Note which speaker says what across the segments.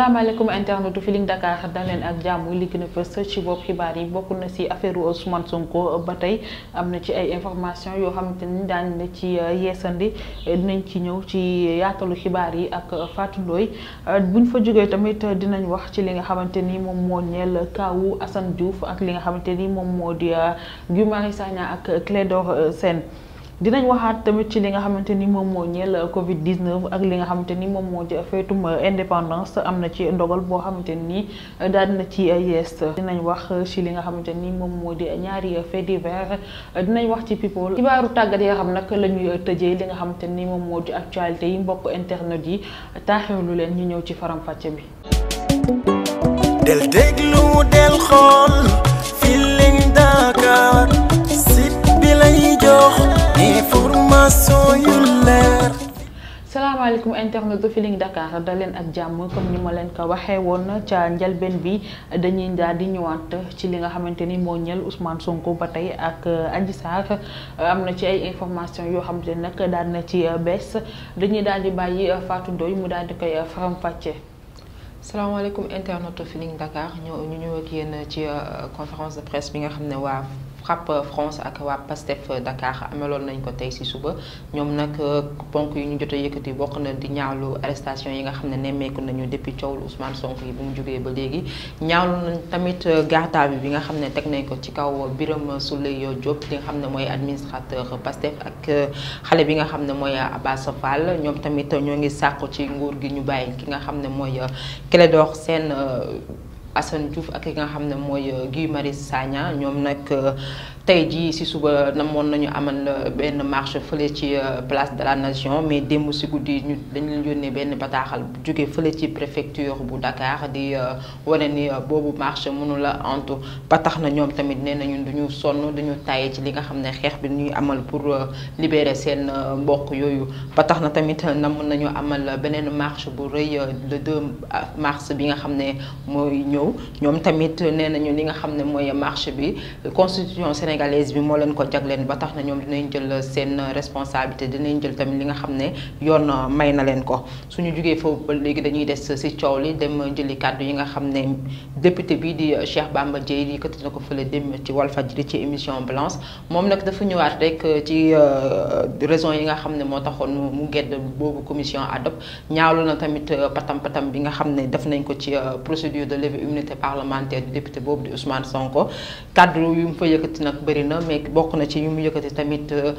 Speaker 1: salaamaaleykum internetu Feeling Dakar dal leen ak jàmm li na a fës ci bopp xibaar yi bokk na si affaire Ousmane Sonko ba tey am na ci ay information yoo xamante ni daan na ci euh, yeesandi euh, dinañ ci ñëw ci yaatalu xibaar yi ak euh, Fatou Ndoye buñ fa jógee tamit dinañ wax ci li nga xamante ni moom moo ñeel kaawu Assane Diouf ak li nga xamante ni moom moo di Guy Marius Sagna ak Clédor Sène dinañ waxaat tamit ci li nga xamante ni moom moo ñeel Covid 19 ak li nga xamante ni moom feetum indépendance am na ci ndogal boo xamante ni daal na ci yees dinañ wax ci li nga xamante ni moom moo di ñaari faits divers dinañ wax ci people xibaaru tàggat yoo xam nag la ñuy tëjee li nga xamante ni moom moo di actualité yi mbokk internet yi taaxewlu leen ñu ñëw ci faram-fàcce bi.
Speaker 2: del déglu del xool Feeling Dakar site bi lay jox. information yu leer.
Speaker 1: salaamaaleykum internet Feeling Dakar da leen ak jàmm comme ni ma leen ko waxee woon ca njalbeen bi dañuy daal di ñëwaat ci li nga xamante ni moo ñël Ousmane Sonko ba tey ak euh, Adji saak euh, am na ci ay information yoo xamante ne nag daal na ci euh, bees dañuy daal di bàyyi Fatou Ndoye mu daal di koy faram-fàccee.
Speaker 3: salaamaaleykum internet Feeling Dakar ñoo ñu ñëw ak yéen ci conférence de presse bi nga xam ne waa. FRAPP France ak waa PASTEF Dakar amaloon nañ ko tey si suba ñoom nag euh, ponk yu ñu jot a yëkkati bokk na di ñaawlu arrestation yi nga xam ne nemmeeku nañu depuis coowlu Ousmane sonk yi bu mu jógee ba léegi ñaawlu nañ tamit euh, garde bi nga xam ne teg nañ ko ci kaw Birame Souleye Diop li nga xam ne mooy administrateur PASTEF ak euh, xale bi nga xam ne mooy Abass Fall ñoom tamit ñoo ngi sàkku ci nguur gi ñu bàyyi ki nga xam ne mooy Clédor Sène Assane Diouf ak ki nga xam ne mooy euh, Guy Marius Sagna ñoom nag euh, tey jii si suba namoon nañu amal euh, benn marche fële ci euh, place de la nation mais démb si guddi ñu dañ leen yónnee benn bataaxal bu jóge fële ci préfecture bu Dakar di euh, wane ni boobu marche mënula la antu na ñoom tamit nee nañu duñu sonn duñu tàyyi ci li nga xam ne xeex bi ñuy amal pour libérer seen mbokk yooyu ba na tamit namoon nañu amal beneen marche bu rëy le 2 bi nga xam ne mooy ñëw ñoom tamit nee nañu li nga xam ne mooy marche bi constitution Sénégal sénégalaise bi moo leen ko leen ba tax na ñoom dinañ jël seen responsabilité dinañ jël tamit li nga xam ne yoon may na leen ko suñu jugee foofu ba léegi dañuy des si coow li dem jëli kàddu yi nga xam ne député bii di Cheikh Bamba Dièye yëkkati na ko fële dem ci Walfadjri ci émission Balance moom nag dafa ñëwaat rek euh, ci euh, raison yi nga xam ne moo taxoon mu gedd boobu commission adop ñaawlu na tamit euh, patam patam bi nga xam ne def nañ ko ci procédure de levée immunité parlementaire du député boobu di Ousmane Sonko nag bëri na mais bokk na ci yu mu yëkkati tamit euh,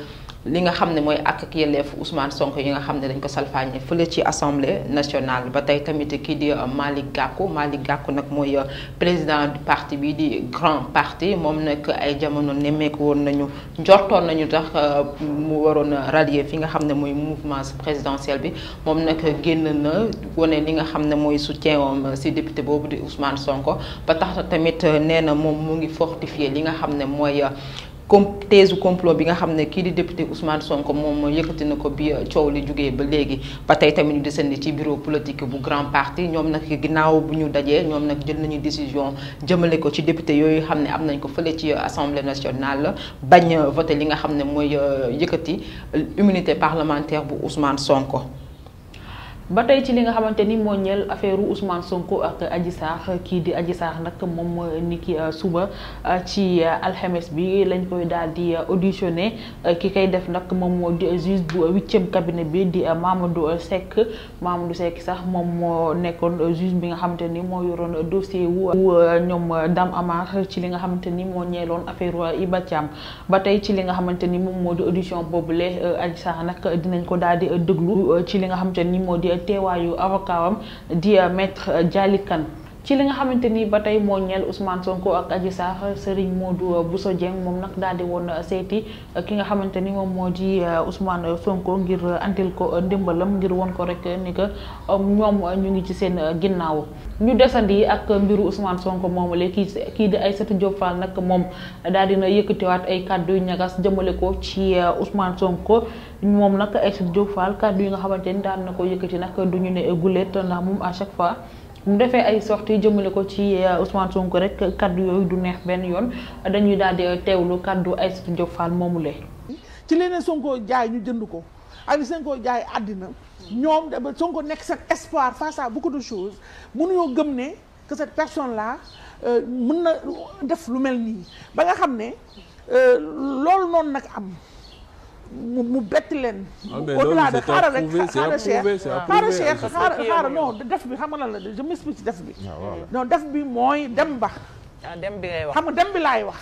Speaker 3: li nga xam ne mooy ak ak yelleef Ousmane Sonko yi nga xam ne dañ ko salfaañe fële ci assemblée nationale ba tey tamit kii di euh, Malick Gakou Malick gàkku nag mooy euh, président du parti bi di grand parti moom nag ay jamono nemmeeku woon nañu njortoon nañu tax euh, mu waroon rallier fi nga xam ne mooy mouvement présidentiel bi moom nag génn na wane li nga xam ne mooy soutien am si député boobu di Ousmane Sonko ba tax tamit nee na moom mu ngi fortifier li nga xam ne mooy com teesu complot bi nga xam ne kii di député Ousmane Sonko moom mooy yëkkati na ko bi euh, coow li jógee ba léegi ba tey tamit ñu desandi ci bureau politique bu grand parti ñoom nag ginnaaw bu ñu dajee ñoom nag jël nañu décision jëmale ko ci député yooyu xam ne am nañ ko fële ci euh, assemblée nationale bañ voté li nga xam ne mooy euh, yëkkati immunité parlementaire bu Ousmane Sonko. ba tey ci li nga xamante ni moo
Speaker 1: ñeel affaire Ousmane Sonko ak Adji kii di Adji Sarr nag moom ni ki euh, suba euh, ci euh, alxames bi lañ koy daal di auditionné ki koy def nag moom moo di juge bu huitième cabinet bi di Mamadou Seck Mamadou Seck sax moom moo nekkoon juge bi nga xamante ni moo yoroon dossier wu ñoom Dame Amar ci li nga xamante ni moo ñeeloon affaire Iba Thiam ba tey ci li nga xamante ni moom moo di audition boobule aj Sarr nag dinañ ko daal di déglu ci li nga xamante ni moo di teewaayu avocat wam di euh, euh, ci li nga xamante ni ba tey moo ñel Ousmane Sonko ak aji Adji Sarr Serigne Modou Bousso Dieng moom nag daal di woon seeti ki nga xamante ni moom moo di euh, usmaan Sonko ngir antil ko ndimbalam ngir woon ko rek ni que euh, ñoom ñu ngi ci seen ginnaaw ñu desandi ak mbiru usmaan Sonko moom la kii kii di ay Diop Fall nag moom daal dina yëkkatiwaat ay kàddu yu ñagas jëmale ko ci euh, usmaan Sonko moom nag Aïssatou Diop Fall kàddu yi nga xamante ni daal na ko yëkkati nag du ñu ne guléet ndax moom à chaque fois. mu defee ay sorties jëmale ko ci euh, Ousmane Sonko rek kaddu yooyu du neex benn yoon dañuy daal di teewlu kaddu ay Diop Fall moomu lee
Speaker 2: ci leneen Sonko jaay ñu jënd ko ak Sonko jaay àddina ñoom da Sonko nekk cet espoir face à beaucoup de choses mënuñoo gëm ne que cette personne là euh, mën na def lu mel nii ba nga xam ne euh, loolu noonu nag am mu mu bett leen. Ah, au-delà de xaaral rek xaaral Cheikh xaaral Cheikh xaaral xaaral non def bi xam nga lan la je m'explique ci def bi. Ah, non def bi mooy dem ba. Ah, dem bi ngay wax xam nga dem bi laay wax.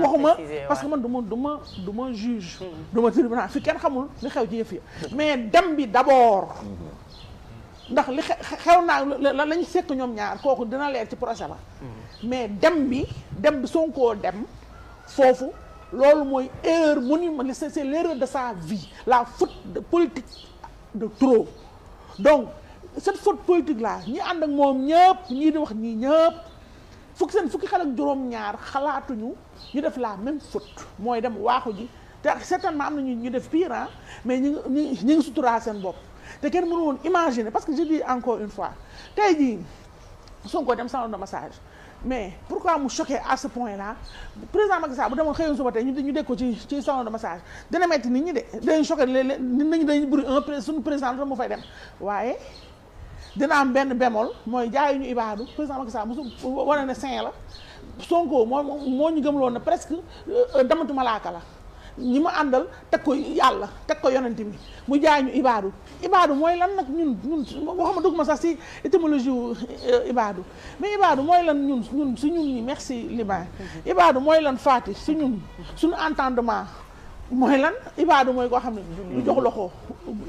Speaker 2: waxuma parce que man du ma du ma du ma juge. Mm-hmm. du ma tribunal fi kenn xamul lu xew ci yëf yi mais dem bi d'abord. Mm-hmm. ndax li xew naa la lañ sekk ñoom ñaar kooku dina leer ci procès ba. Mm-hmm. mais dem bi dem bi Sonko dem foofu. loolu mooy erreur monumentale c'est c'est l'erreur de sa vie la faute de politique de trop donc cette faute politique là ñi ànd ak moom ñëpp ñii di wax ñii ñëpp fukki seen fukki xale ak juróom-ñaar xalaatuñu ñu def la même faute mooy dem waaxu ji te certainement am na ñu ñu def pire mais ñu ngi ñu ngi suturaa seen bopp te kenn mënu woon imaginer parce que je dis encore une fois tey jii ko dem salon de massage mais pourquoi mu choqué à ce point là président ma Sall bu demoon xëyoon suba tey ñu ñu dégg ko ci ci salon de massage dina metti nit ñi de dañu choqué léeg-léeg nit ñi dañu bëri un suñu président la mu fay dem waaye dina am benn bémol mooy yu ñu ibaadu président Macky Sall mosu wane ne saint la Sonko moo moo ñu gëmloon na presque euh, euh, damatu laaka la ñi ma àndal teg ko yàlla teg ko yonent bi mu jaay ñu ibaadu ibaadu mooy lan nag ñun ñun waxuma dugg ma sax si étymologie wu euh, ibaadu mais ibaadu mooy lan ñun ñun si ñun ñi merci liban ibaadu mooy lan faati si ñun suñu entendement mooy lan ibaadu mooy koo xam ne du jox loxo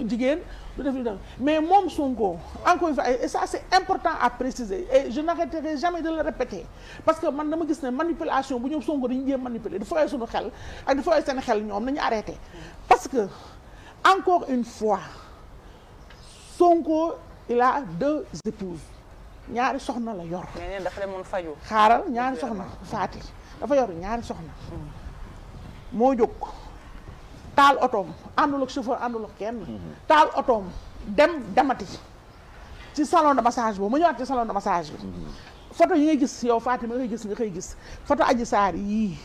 Speaker 2: jigéen du def mais moom Sonko encore une fois et ça c'est important à préciser et je n'arrêterai jamais de le répéter parce que man dama gis ne manipulation bu ñoom Sonko dañu jéem manipuler di foyee suñu xel ak di foyee seen xel ñoom nañu arrêté parce que encore une fois Sonko il a deux épouses ñaari soxna la yor. mais dafa demoon xaaral ñaari soxna Faty dafa yor ñaari soxna. Mm. moo jóg. taal otoom àndul ak chauffeur àndul ak kenn. taal otoom dem demati ci salon de massage boobu mu ñëwaat ci salon de massage bi. photo yi ngay gis yow Fatima nga koy gis nga koy gis photo Adji Sarr yii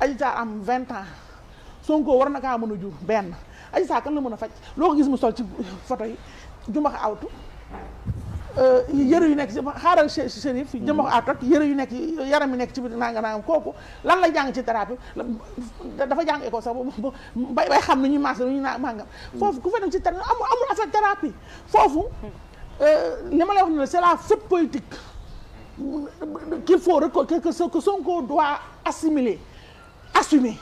Speaker 2: Adji Sarr am 20 ans Sonko war na kaa mën a jur benn Adji Sarr kan la mën a faj loo ko gis mu sol ci photo yi jumbax awtu Euh, yëre yu nekk ci xaaral chérif jëma ko àtoj yëre yu nekk yaram yu nekk ci biir nanga nangam kooku lan la jàng ci thérapie dafa jàng école sax bay bay xam ni ñuy marché lu ñuy naa màngam hmm. foofu ku fa dem ci thérapie amul amul foofu euh, li ma lay wax ne la c'est la faute politique qu'il faut que que Sonko doit assimiler assumer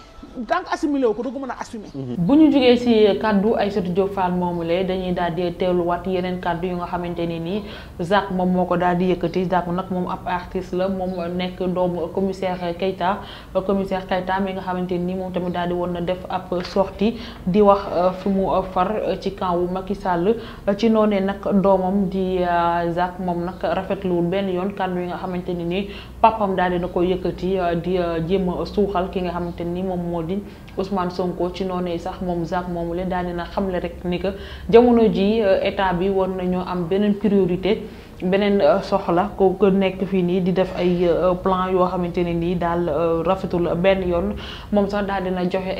Speaker 2: tant que assimilé wu ko du ko mën a assumé.
Speaker 1: Mhm. bu ñu jógee ci kaddu Aïssatou Diop Fall moomulee dañuy daal di teewluwaat yeneen kàddu yi nga xamante ne nii Zac moom moo ko daal di yëkkati Zac nag moom ab artiste la moom nekk doomu commissaire Keita commissaire Keita mi nga xamante ni moom tamit daal di woon na def ab sortie di wax euh, fi mu euh, far ci camp wu Macky Sall ci noonee nag doomam di euh, Zac moom nag rafetluwul benn yoon kaddu yi nga xamante ne nii papam daal di ko yëkkati di jéem suuxal ki nga xamante ni moom. moo di Ousmane Sonko ci noonu yi sax moom Zapp moomu leen daal dina xamle rek ni que jamono ji euh, état bi war nañoo am beneen priorité beneen euh, soxla ko ko nekk fii nii di def ay euh, plan yoo xamante ne nii daal rafetul benn yoon moom sax daal dina joxe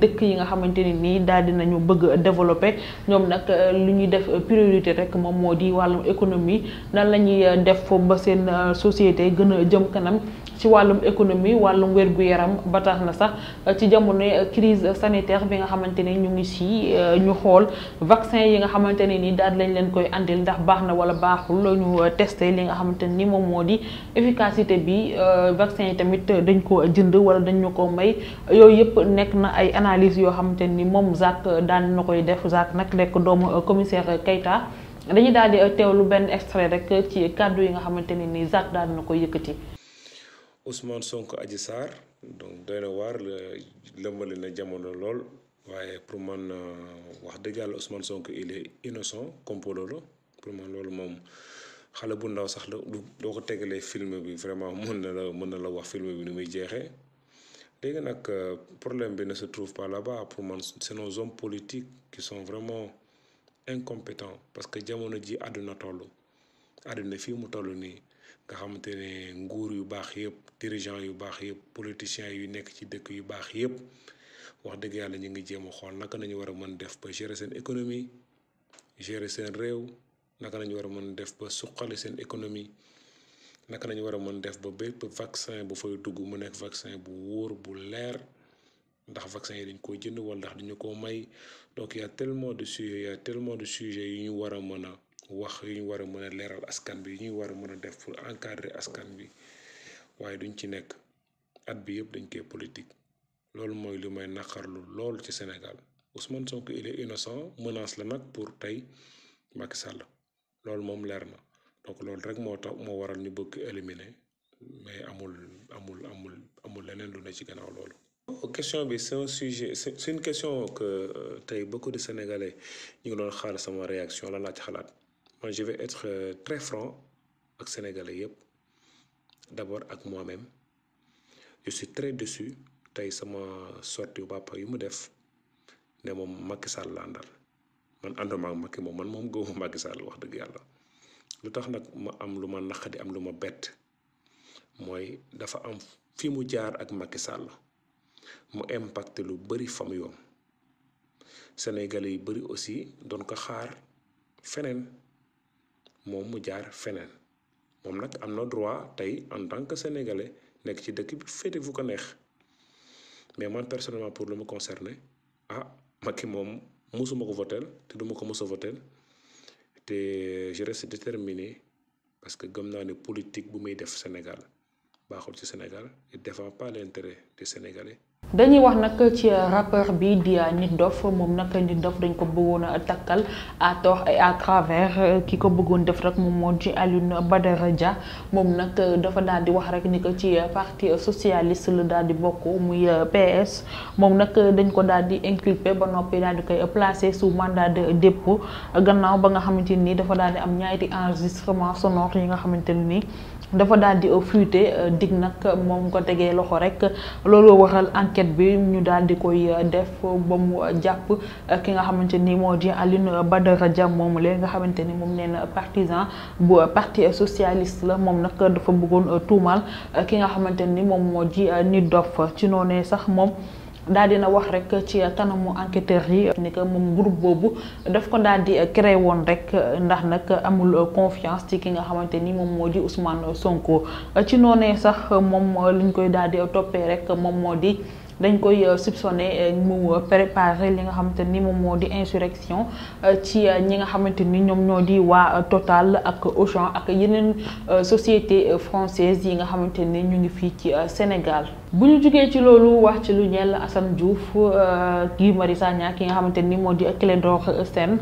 Speaker 1: dëkk yi nga xamante ne nii daal dinañu bëgg développer ñoom nag lu ñuy def priorité rek moom moo di wàllum économie nan la ñuy def ba seen société gën a jëm kanam ci wàllum économie wàllum wér-gu-yaram ba tax na sax ci jamono crise sanitaire bi nga xamante ne ñu ngi si euh, ñu xool vaccin yi nga xamante ne ni daal lañ leen koy andil ndax baax na wala baaxul ñu euh, testé li nga xamante ni moom moo di efficacité bi euh, vaccin yi tamit dañ ko jënd wala dañ ñu ko may yooyu yëpp nekk na ay analyse yoo xamante ni moom Zac daan na koy def Zac nag nekk doomu commissaire Keita dañuy daal di teewlu benn extrait rek ci kàddu yi nga xamante ne ni Zac daal na koy yëkkati. Ousmane sonk Adji
Speaker 4: Sarr donc doy na jamono lool waaye pour man euh, wax dëgg yàlla Ousmane Sonko il est innocent complot la pour man loolu moom xale bu ndaw sax la doo ko tegalee film bi vraiment mën na la mën na la wax film bi nu muy jeexee léegi nag euh, problème bi ne se trouve pas là-bas pour man c'est nos politique politiques qui sont vraiment incompétents parce que jamono ji àdduna toll àdduna fii mu toll nii. nga xamante ne nguur yu baax yëpp dirigeant yu baax yëpp politiciens yu nekk ci dëkk yu baax yëpp wax dëgg yàlla ñu ngi jéem a xool naka nañu war a mën def ba gérer seen économie gérer seen réew naka nañu war a mën def ba suqali seen économie naka nañu war a mën def ba bépp vaccin bu fay dugg mu nekk vaccin bu wóor bu leer ndax vaccin yi dañ ko jënd wala ndax dañu ko may donc y a tellement de sujets y a de sujets yu ñu war a mën wax yu ñu war a mën a leeral askan bi yu ñuy war a mën a def pour encadrer askan bi waaye duñ ci nekk at bi yëpp dañ koy politique loolu mooy lu may naqarlu lool ci Sénégal Ousmane Sonko il est innocent menace la nag pour tey Macky Sall loolu moom leer na donc loolu rek moo tax moo waral ñu bëgg éliminer mais amul amul amul amul leneen lu ne ci gannaaw loolu. question bi c'est un sujet c'est question que euh, tey beaucoup de Sénégalais ñu ngi doon xaar sama réaction la laa ci xalaat. moi je vais euh, très franc ak sénégalais yëpp d'abord ak moi-même je suis très déçu tey sama sortie bappa yu mu def ne moom Macky Sall la man ànduma ak Macky moom man moom gëwuma Macky Sall wax dëgg yàlla lu tax nag ma am lu ma naqadi am lu ma bett mooy dafa am fi mu jaar ak Macky Sall mu impacté lu bëri famille yoom Sénégalais yi bëri aussi doon ko xaar feneen moom mu jaar feneen moom nag am na droit tey en tant que sénégalais nekk ci dëkk bi féete fu ko neex mais man personnellement pour lu mu concerné ah ki moom mosuma ko votel te duma ko mos votel te je reste déterminé parce que gëm naa ne politique bu muy def Sénégal baaxul ci Sénégal et défend pas l'intérêt des Sénégalais
Speaker 1: dañuy wax nag ci rappeur bi di Nit Doff moom nag Nit Doff dañ ko bëggoon a takkal à tort et à travers ki ko bëggoon def rek moom moo di Alioune Badara Dia moom nag dafa daal di wax rek ni ko ci parti socialiste la daal di bokk muy PS moom nag dañ ko daal di inculpé ba noppi daal di koy placé sous mandat de dépôt gannaaw ba nga xamante ni dafa daal di am ñaari enregistrement sonore yi nga xamante ni. dafa daal di fuité euh, digg nag moom ko tegee loxo rek loolu waral enquête bi ñu daal di koy euh, def ba mu jàpp euh, ki nga xamante ni moo di Alioune Badara Dia moom la nga xamante ni moom nee na partisan bu parti socialiste la moom nag dafa bëggoon tuumaal ki nga xamante ni moom moo di Nit Doff ci noonee sax moom. daal dina wax rek ci kanamu enquêteurs yi ni que moom group boobu daf ko daal di créé woon rek ndax nag amul confiance ci ki nga xamante ni moom moo di Ousmane Sonko ci noonee sax moom liñ koy daal di toppee rek moom moo di. dañ koy euh, soupçonné euh, mu euh, préparer li nga xamante ni moom moo di insurrection ci ñi nga xamante ni ñoom ñoo di waa Total ak Auchan ak yeneen société française yi nga xamante ni ñu ngi fii ci Sénégal bu ñu jugee ci loolu wax ci lu ñeel Assane Diouf Guy Marius Sagna ki nga xamante ni moo di Clédor Sène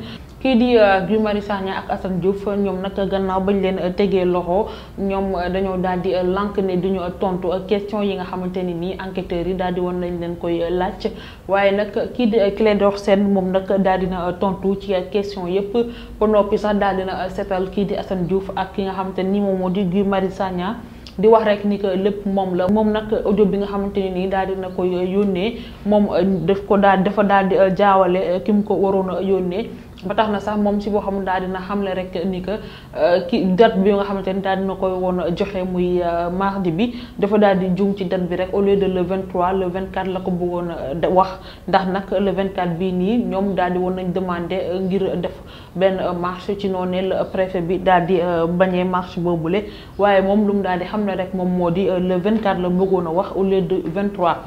Speaker 1: kii di euh, Guy Marius Sagna ak Assane Diouf ñoom nag gannaaw bañ leen euh, tegee loxo ñoom euh, dañoo daal di lànk ne duñu tontu question yi nga xamante ni nii enquêteurs yi daal di woon nañ leen koy laaj waaye nag kii di Clédor seen moom nag daal dina tontu ci question yëpp ba noppi sax daal na setal kii di Assane Diouf ak ki nga xamante nii moom moo di Guy Marius Sagna di wax rek ni que lépp moom la moom nag audio bi nga xamante ne nii daal dina koy yónnee moom daf ko daal dafa daal di jaawale ki mu ko waroon yónnee ba tax na sax moom si boo xam daal dina xamle rek ni que euh, ki date bi nga xamante ni daal dina koy woon joxe muy euh, mardi bi dafa daal di jum ci date bi rek au lieu de le 23 le 24 la ko bëggoon euh, wax ndax nag le 24 bii nii ñoom daal di woon nañ demandé ngir def benn marche ci noonu la préfet bi daal di bañee marche boobule waaye moom lu mu daal di xam ne rek moom moo di le 24 la bëggoon a wax au lieu de 23.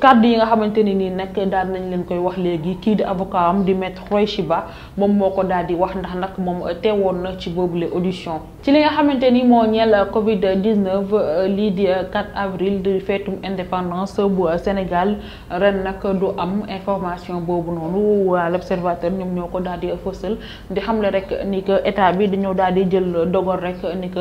Speaker 1: kàddu yi nga xamante ne nii nag daal nañ leen koy wax léegi kii di avocat am di maître Khoureychi Ba moom moo ko daal di wax ndax nag moom te woon na ci boobule audition ci li nga xamante ni moo ñeel Covid 19 euh, lii di 4 euh, avril di feetum indépendance bu euh, Sénégal ren nag du am information boobu noonu waa l'observateur ñoom ñoo ko daal di fësal di xam xamle rek ni que état bi dañoo daal di jël dogal rek ni que.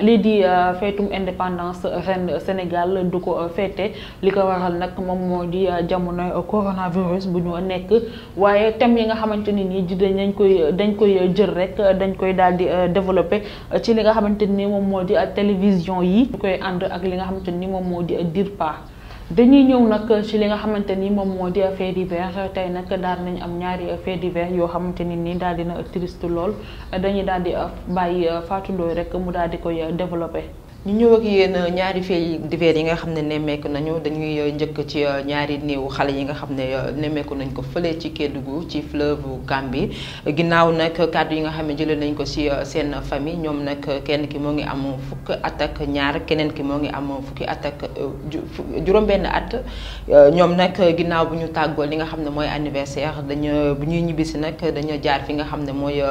Speaker 1: lii di euh, feetum indépendance ren Sénégal du ko euh, feete li ko waral nag moom moo di euh, jamono coronavirus bu ñu nekk waaye tem yi nga xamante ni nii dañ koy dañ koy jël rek dañ koy daal di développé ci li nga xamante ni moom moo di télévision yi. ñu koy ànd ak li nga xamante ni moom moo di DIRPA. dañuy ñëw nag ci li nga xamante ni moom moo di fait divers tey nag daal nañ am ñaari fait divers yoo xamante ni nii daal dina triste lool dañuy daal di bàyyi Fatou
Speaker 3: Ndoye rek mu daal di koy développé. ñu ñëw ak yéen euh, ñaari faits divers yi nga xam ne nemmeeku nañu dañuy euh, njëkk ci euh, ñaari néew xale yi nga xam ne nemmeeku nañ ko fële ci Kédougou ci fleuve Gambie ginnaaw nag kàddu yi nga xam ne jëlee nañ ko si seen famille ñoom nag kenn ki moo ngi am fukk at ñaar keneen ki moo ngi am fukki at ak juróom-benn at ñoom nag ginnaaw bu ñu tàggoo li nga xam ne mooy anniversaire dañu bu ñuy ñibbisi nag dañu jaar fi nga xam ne mooy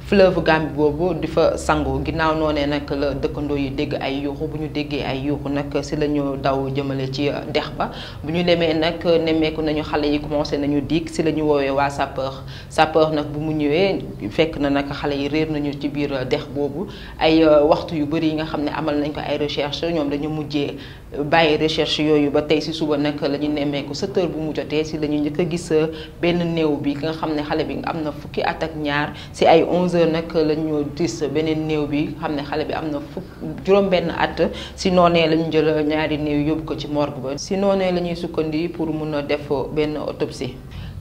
Speaker 3: fleuve Gambie boobu di fa sangu ginnaaw noonee nag dëkkandoo yi dégg ay. ay yuuxu bu ñu déggee ay yuuxu nag si la ñu daw jëmale ci dex ba bu ñu demee nag nemmeeku nañu xale yi commencé nañu diig si la ñu woowee waa sapeur sapeur nag bu mu ñëwee fekk na nag xale yi réer nañu ci biir dex boobu ay euh, waxtu yu bëri yi nga xam ne amal nañ ko ay recherche ñoom dañu mujjee bàyyi recherche yooyu ba tey si suba nag la ñu nemmeeku sept heures bu mu jotee si la ñu njëkk a gis benn néew bi ki nga xam ne xale bi am na fukki at ak ñaar si ay 11 heures nag la ñu gis beneen néew bi xam ne xale bi am na fukk juróom-benn benn at si noonee la ñu jël ñaari néew yóbbu ko ci morgue ba si noonee lañuy sukkandi pour mun a defoo benn autopsie.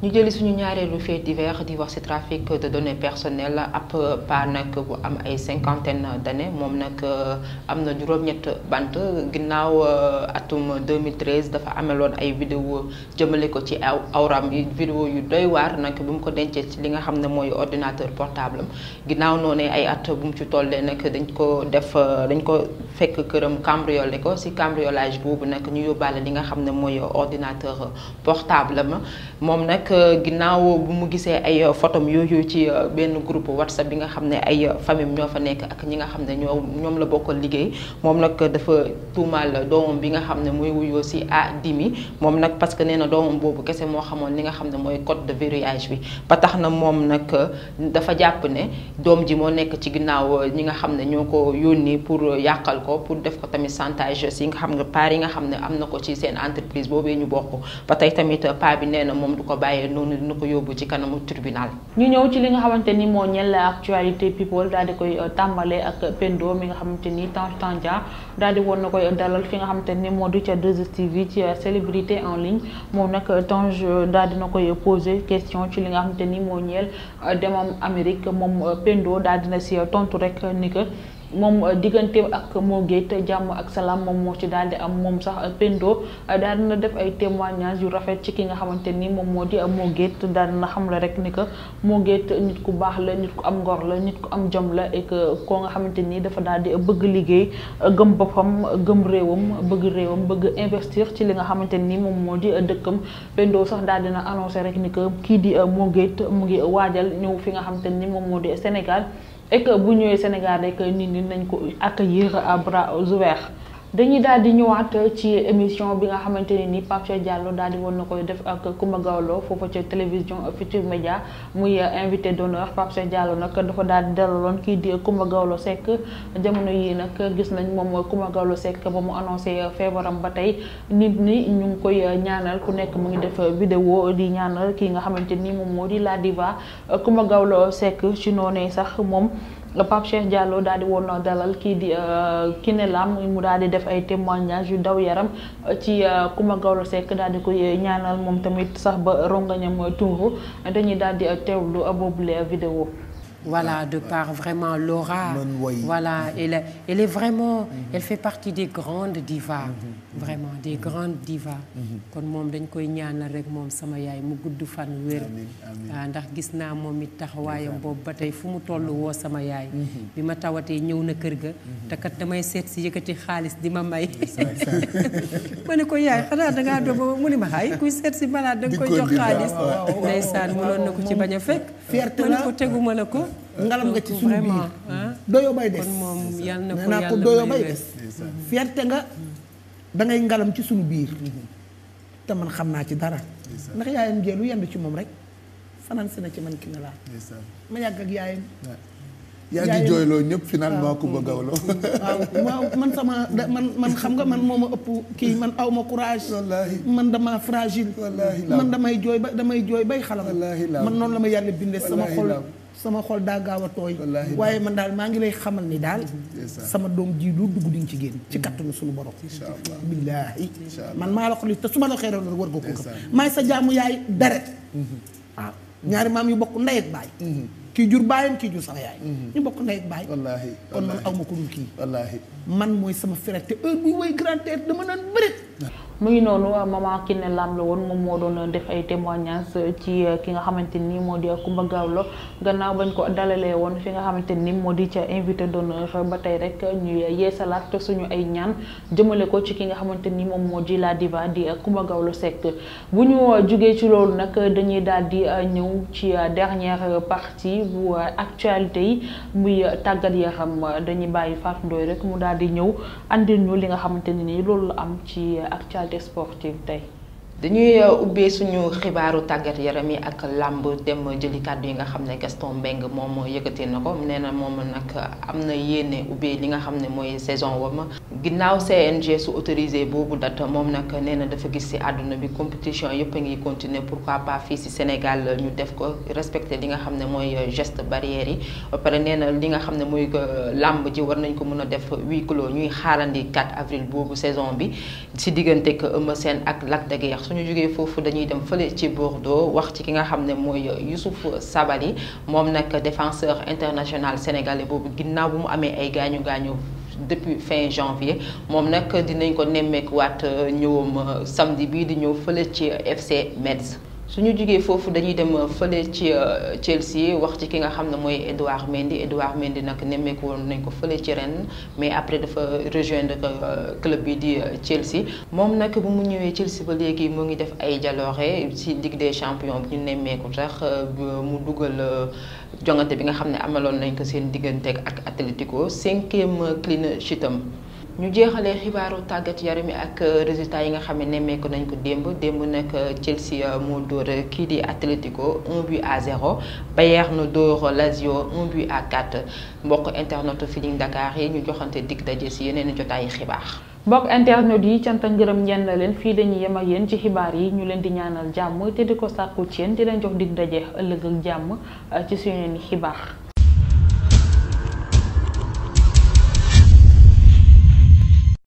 Speaker 3: ñu jëli suñu ñaareelu fait divers di wax ci trafic de données personnelles ab pa nag bu am ay cinquante cinquantaine d'années moom nag euh, am na juróom-ñett bant ginnaaw euh, atum 2013 dafa ameloon ay vidéo jëmale ko ci aw awram vidéo yu doy waar nag bu mu ko dencee ci li nga xam ne mooy ordinateur portable am ginnaaw noonu ay at bu mu ci tollee nag dañ ko def euh, dañ ko fekk këram cambriolé ko ci cambriolage boobu nag ñu yóbbaale li nga xam ne mooy ordinateur portable am moom nag nag euh, ginnaaw bu mu gisee ay euh, photom yooyu ci euh, benn groupe whatsapp bi nga xam ne ay famille ñoo fa nekk ak ñi nga xam ne ñoo ñoom la bokkal liggéey moom nag dafa tuumaal doom bi nga xam ne mooy wuyoo si a dimi moom nag parce que nee na doomam boobu kese moo xamoon ni nga xam ne mooy code de verrouillage bi ba tax na moom nag dafa jàpp ne doom ji moo nekk ci ginnaaw ñi nga xam ne ñoo ko yónni pour yàqal ko pour def ko tamit chantage si nga xam ne paar yi nga xam ne am na ko ci seen entreprise boobee ñu bokk ba tey tamit paa bi nee waaye noonu dina ko yóbbu ci kanamu tribunal.
Speaker 1: ñu ñëw ci li nga xamante ni moo ñel actualité people daal di koy euh, tàmbale ak Pendo mi nga xamante ni Tange Tandian daal na koy dalal fi nga xamante ni moo di ca 2STV ci euh, célébrité en ligne moom nag euh, Tange daal dina koy posé question ci li nga xamante ni moo ñeel demam Amérique moom Pendo daal dina si tontu rek ni que. moom euh, digganteem ak moo géet jàmm ak salaam moom moo ci daal di am moom sax Pendo euh, daal dina def ay témoignages yu rafet ci ki nga xamante ni moom moo di euh, moo géet daal dina xam la rek ni que moo géet nit ku baax la nit ku am ngor la nit ku am jom la et koo nga xamante nii dafa daal di bëgg liggéey gëm boppam gëm réewam bëgg réewam bëgg investir ci li nga xamante nii moom moo di dëkkam Pendo sax daal na annoncé rek ni que kii di moo géet mu ngi waajal ñëw fi nga xamante ni moom moo di Sénégal et que bu ñëwee Sénégal rek nit ñi nañ ko accueillir à bras ouverts dañuy daal di ñëwaat ci émission bi nga xamante ne ni Pape Cheikh Diallo daal di woon na koy def ak Coumba Gawlo foofa ca télévision Futur Média muy invité d'honneur Pape Cheikh Diallo nag dafa daal di dalaloon kii di Coumba Gawlo sekk jamono yi nag gis nañ moom mooy Coumba Gawlo Seck ba mu annoncé feebaram ba tey nit ñi ñu ngi koy ñaanal ku nekk mu ngi def vidéo di ñaanal kii nga xamante nii moom moo di la diva Coumba Gawlo Seck ci noonee sax moom. Pape Cheikh Diallo daal di woon dalal kii di euh, Kiné Lam mu daal di def ay témoignages yu daw yaram euh, ci euh, Coumba Gawlo Seck daal di koy ñaanal moom tamit sax ba rongañam tuuru dañuy daal
Speaker 3: di teewlu boobule vidéo voilà ah. de par vraiment l'aura voilà elle elle est vraiment mm-hmm. elle fait partie des grandes divas mm-hmm. vraiment des mhm. grandes divas. Mhm. kon moom dañ koy ñaanal rek moom sama yaay mu gudd fan wér. Ah, ndax gis naa moom it taxawaayam boobu ba tey fu mu toll woo sama yaay. Mhm. bi ma tawatee ñëw na kër ga. te kat damay seet si yëkkati xaalis di ma may. ma ne ko yaay xanaa da ngaa doon ba mu ne ma ay kuy seet si malade da nga koy jox xaalis. ndeysaan mënoon na ko ci bañ a fekk. ma ne ko teguma la ko. ngalam nga ci suñu biir ah. doyoo na ko yàlla may des.
Speaker 2: fierté nga. da ngay ngalam ci suñu biir te man xam naa ci dara ndax yaayam jee lu yend ci moom rek fanaan si na ci man ki ne laa ma yàgg ak ah. yaayam yaa ngi jooyloo ñëpp finalement ku bëgg awlo waaw man sama man man xam nga man moo ma ëpp kii man aw ma courage. man dama fragile. man damay jooy ba damay jooy bay xalam. man noonu la ma yàlla bindee sama xol. sama xol daa gaaw a tooy waaye man daal maa ngi lay xamal ni daal sama doom jii lu dugg di nga ci génn ci mm-hmm. kattanu suñu borom billaahi man maa la ko li te su ma la xeeroon rek war nga ko xam maay sa jaamu yaay deret waaw mm-hmm. ah, ñaari maam yu bokk ndey ak baay mm-hmm. kii jur baayam kii jur sama yaay ñu bokk ndey ak baay kon man aw
Speaker 1: ma ko dul kii man mooy sama frère te heure bu woy grand théâtre dama naan bëri. mu ngi noonu maman Kiné Lam la woon moom moo doon def ay témoignages ci euh, ki nga xamante ni moo di Coumba Gawlo gannaaw bañ ko dalalee woon fi nga xamante ni moo di ca invité d'honneur ba tey rek ñu yeesalaat suñu ay ñaan jëmale ko ci ki nga xamante ni moom moo di la diva di euh, Coumba Gawlo Seck bu ñu euh, jógee ci loolu nag dañuy daal di ñëw ci dernière partie bu actualité yi muy tàggat yaram dañuy bàyyi Fatou Ndoye rek daal di ñëw andil ñu li nga xamante ne nii loolu la am ci actualité
Speaker 3: sportive tey. dañuy euh, ubbee suñu xibaaru tàggat yaram yi ak làmb dem jëli kàddu yi nga xam ne Gaston Mbengue moom moo yëkkatee na ko nee na moom nag am na yéene ubbee li nga xam ne mooy saison wam ginnaaw CNG su autorisé boobu date moom nag nee na dafa gis ci àdduna bi compétition yëpp a ngi continuer pourquoi pas fii ci Sénégal ñu def ko respecter li nga xam ne mooy geste barrière yi ba pare nee na li nga xam ne mooy euh, làmb ji war nañ ko mën a def huis clos ñuy xaarandi 4 boobu saison bi ci diggante ak ak Lac suñu jógee foofu dañuy dem fële ci Bordeaux wax ci ki nga xam ne mooy Youssouf Sabaly moom nag défenseur international sénégalais boobu ginnaaw bu mu amee ay gaañu gaañu depuis fin janvier moom nag dinañ ko nemmeekuwaat ñëwam samedi bii di ñëw fële ci FC Metz. suñu jugee foofu dañuy dem euh, fële ci euh, Chelsea wax ci ki nga xam ne mooy Edouard Mendy Edouard Mendy nag nemmeeku woon nañ ko fële ci ren mais après dafa rejoindre euh, club bi di Chelsea moom nag bu mu ñëwee Chelsea ba léegi mu ngi def ay jaloore ci Ligue des champions bi ñu nemmeeku sax mu dugal jongante bi nga xam ne amaloon nañ ko seen diggante ak Atlético cinquième clean sheetam ñu jeexalee xibaaru tàggat yaram yi ak euh, résultat yi nga xam ne nemmeeku nañ ko démb démb nag euh, Chelsea euh, moo dóor kii di Atlético 1 but à 0 Bayern dóor Lazio 1 but à 4 mbokk internet Feeling ndakaar yi ñu joxante dig daje si yeneen jotaayu xibaar.
Speaker 1: mbokk internet yi cant ak ngërëm ñeen leen fii dañuy yem ak yéen ci xibaar yi ñu leen di ñaanal jàmm te di ko sàkku ci yéen di leen jox dig ndaje ëllëg ak jàmm ci suñu xibaar.